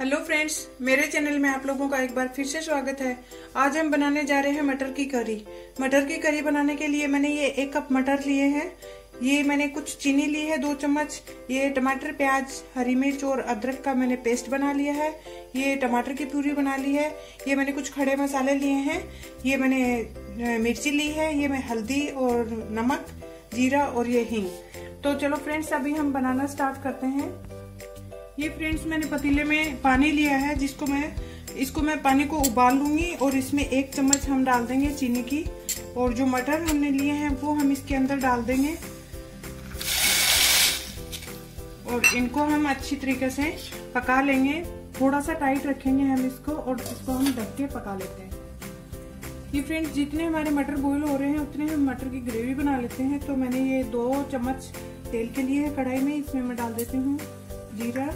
hello friends मेरे channel में आप लोगों का एक बार फिर से स्वागत है आज हम बनाने जा रहे हैं मटर की करी मटर की करी बनाने के लिए मैंने ये एक कप मटर लिए हैं ये मैंने कुछ चीनी ली है दो चम्मच ये टमाटर प्याज हरी मिर्च और अदरक का मैंने पेस्ट बना लिया है ये टमाटर की प्यूरी बना ली है ये मैंने कुछ खड़े मसाले लिए हैं ये मैंने मिर्ची ली है ये मैं हल्दी और नमक जीरा और ये हिंग तो चलो फ्रेंड्स अभी हम बनाना स्टार्ट करते हैं ये फ्रेंड्स मैंने पतीले में पानी लिया है जिसको मैं इसको मैं पानी को उबाल लूंगी और इसमें एक चम्मच हम डाल देंगे चीनी की और जो मटर हमने लिए हैं वो हम इसके अंदर डाल देंगे और इनको हम अच्छी तरीके से पका लेंगे थोड़ा सा टाइट रखेंगे हम इसको और इसको हम ढक के पका लेते हैं ये फ्रेंड्स जितने हमारे मटर बॉईल हो रहे हैं उतने हम मटर की ग्रेवी बना लेते हैं तो मैंने ये दो चम्मच तेल के लिए है कढ़ाई में इसमें मैं डाल देती हूँ जीरा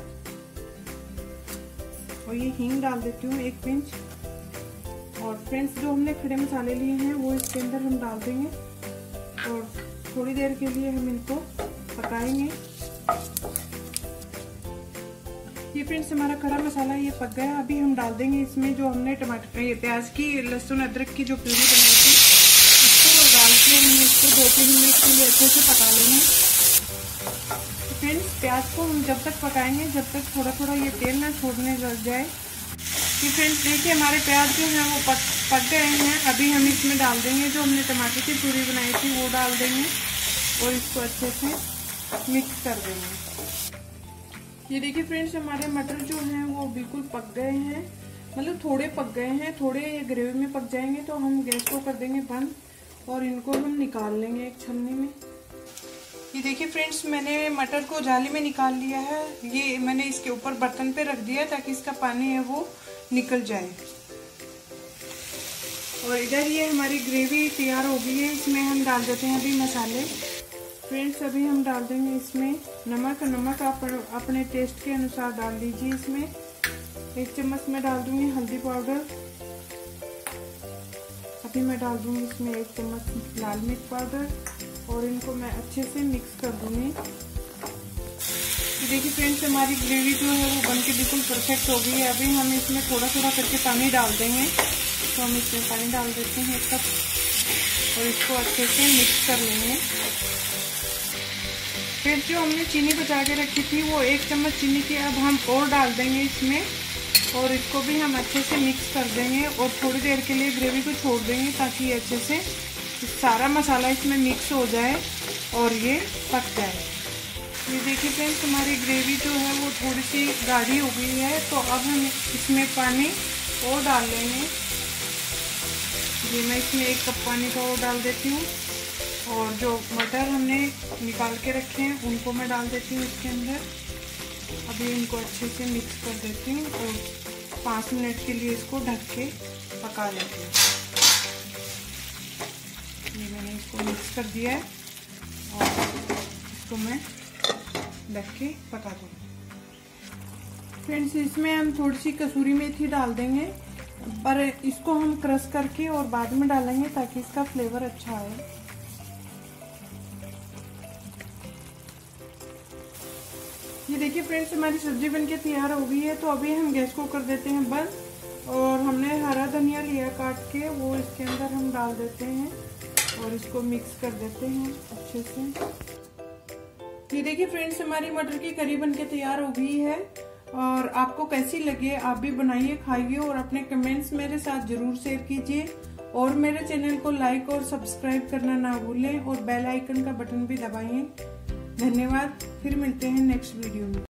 और ये हींग डाल देती हूँ एक पिंच और फ्रेंड्स जो हमने खड़े मसाले लिए हैं वो इसके अंदर हम डाल देंगे और थोड़ी देर के लिए हम इनको पकाएंगे ये फ्रेंड्स हमारा खड़ा मसाला ये पक गया अभी हम डाल देंगे इसमें जो हमने टमाटर ये प्याज की लहसुन अदरक की जो प्यूरी बनाई थी इसको डाल के हम इसको दो तीन मिनट के लिए अच्छे से पका लेंगे फ्रेंड्स प्याज को हम जब तक पकाएंगे जब तक थोड़ा थोड़ा ये तेल ना छोड़ने लग जाए कि फ्रेंड्स देखिए हमारे प्याज जो हैं वो पक पक गए हैं अभी हम इसमें डाल देंगे जो हमने टमाटर की पूरी बनाई थी वो डाल देंगे और इसको अच्छे से मिक्स कर देंगे ये देखिए फ्रेंड्स हमारे मटर जो हैं वो बिल्कुल पक गए हैं मतलब थोड़े पक गए हैं थोड़े ये ग्रेवी में पक जाएंगे तो हम गैस को कर देंगे बंद और इनको हम निकाल लेंगे एक छन्नी में ये देखिए फ्रेंड्स मैंने मटर को जाली में निकाल लिया है ये मैंने इसके ऊपर बर्तन पे रख दिया ताकि इसका पानी है वो निकल जाए और इधर ये हमारी ग्रेवी तैयार हो गई है इसमें हम डाल देते हैं अभी मसाले फ्रेंड्स अभी हम डाल देंगे इसमें नमक नमक आप अपने टेस्ट के अनुसार डाल दीजिए इसमें एक चम्मच मैं डाल दूंगी हल्दी पाउडर अभी मैं डाल दूंगी इसमें एक चम्मच लाल मिर्च पाउडर और इनको मैं अच्छे से मिक्स कर दूंगी देखिए फ्रेंड्स हमारी ग्रेवी जो है वो बन के बिल्कुल परफेक्ट हो गई है अभी हम इसमें थोड़ा थोड़ा करके पानी डाल देंगे तो हम इसमें पानी डाल देते हैं एक कप और इसको अच्छे से मिक्स कर लेंगे फिर जो हमने चीनी बचा के रखी थी वो एक चम्मच चीनी की अब हम और डाल देंगे इसमें और इसको भी हम अच्छे से मिक्स कर देंगे और थोड़ी देर के लिए ग्रेवी को छोड़ देंगे ताकि ये अच्छे से सारा मसाला इसमें मिक्स हो जाए और ये पक जाए ये देखिए फ्रेंड्स हमारी ग्रेवी जो है वो थोड़ी सी गाढ़ी हो गई है तो अब हम इसमें पानी और डाल लेंगे जी मैं इसमें एक कप पानी का तो और डाल देती हूँ और जो मटर हमने निकाल के रखे हैं उनको मैं डाल देती हूँ इसके अंदर अभी इनको अच्छे से मिक्स कर देती हूँ और पाँच मिनट के लिए इसको ढक के पका लेती हूँ मिक्स कर दिया है और इसको मैं ढक के पका दूँगी फ्रेंड्स इसमें हम थोड़ी सी कसूरी मेथी डाल देंगे पर इसको हम क्रश करके और बाद में डालेंगे ताकि इसका फ्लेवर अच्छा आए ये देखिए फ्रेंड्स हमारी सब्जी बनके तैयार हो गई है तो अभी हम गैस को कर देते हैं बंद और हमने हरा धनिया लिया काट के वो इसके अंदर हम डाल देते हैं और इसको मिक्स कर देते हैं अच्छे से ये देखिए फ्रेंड्स हमारी मटर की करी बन के तैयार हो गई है और आपको कैसी लगे आप भी बनाइए खाइए और अपने कमेंट्स मेरे साथ जरूर शेयर कीजिए और मेरे चैनल को लाइक और सब्सक्राइब करना ना भूलें और बेल आइकन का बटन भी दबाइए धन्यवाद फिर मिलते हैं नेक्स्ट वीडियो में